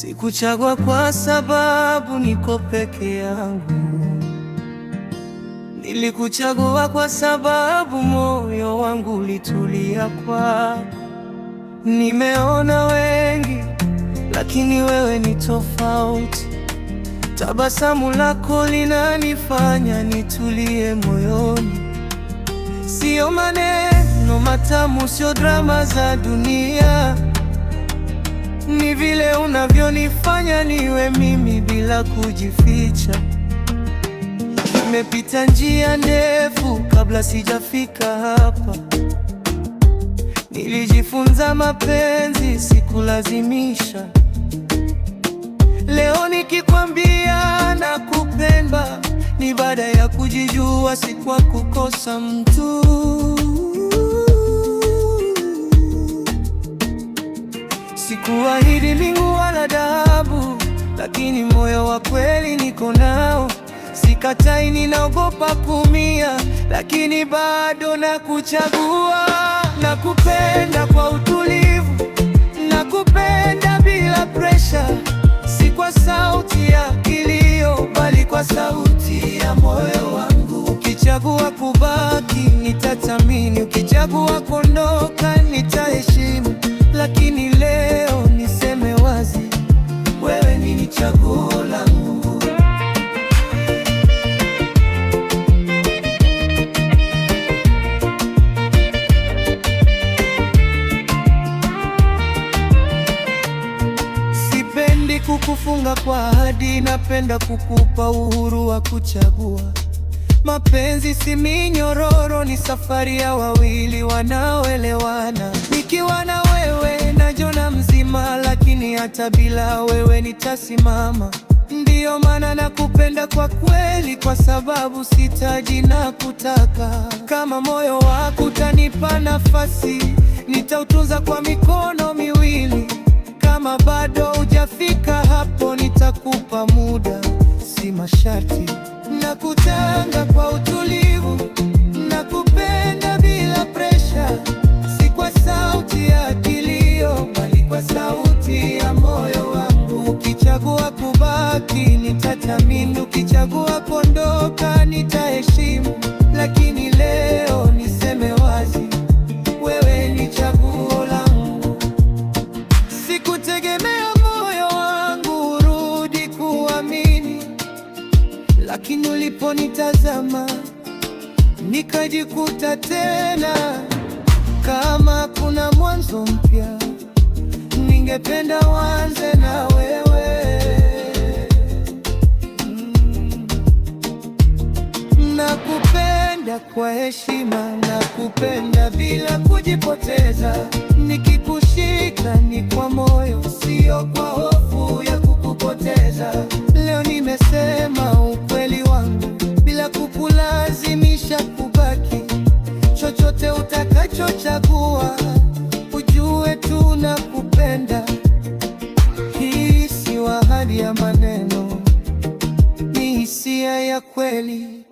Sikuchagua kwa sababu niko peke yangu, nilikuchagua kwa sababu moyo wangu ulitulia kwako. Nimeona wengi, lakini wewe ni tofauti. Tabasamu lako linanifanya nitulie moyoni. Siyo maneno matamu, sio drama za dunia ni vile unavyonifanya niwe mimi bila kujificha. Nimepita njia ndefu kabla sijafika hapa. Nilijifunza mapenzi, sikulazimisha. Leo nikikwambia nakupenda ni baada ya kujijua, si kwa kukosa mtu. kuahidi mbingu wala dhahabu, lakini moyo wa kweli niko nao. Sikatai, ninaogopa kuumia, lakini bado nakuchagua. Nakupenda kwa utulivu, nakupenda bila presha, si kwa sauti ya kilio, bali kwa sauti ya moyo wangu. Ukichagua kubaki, nitathamini. Ukichagua kondo chaguo langu. Sipendi kukufunga kwa ahadi, napenda kukupa uhuru wa kuchagua. Mapenzi si minyororo, ni safari ya wawili wanaoelewana. Nikiwa na wewe najona mzima hata bila wewe nitasimama. Ndiyo maana nakupenda kwa kweli, kwa sababu sitaji na kutaka. Kama moyo wako utanipa nafasi, nitautunza kwa mikono miwili. Kama bado hujafika hapo, nitakupa muda, si masharti, nakutanga kwa Nilichagua kuondoka, nitaheshimu, lakini leo niseme wazi, wewe ni chaguo langu. Sikutegemea moyo wangu urudi kuamini, lakini uliponitazama nikajikuta tena. Kama kuna mwanzo mpya, ningependa uanze nawe. kwa heshima na kupenda bila kujipoteza. Nikikushika ni kwa moyo, sio kwa hofu ya kukupoteza. Leo nimesema ukweli wangu bila kukulazimisha kubaki. Chochote utakachochagua ujue tunakupenda. Hii si ahadi ya maneno, ni hisia ya kweli.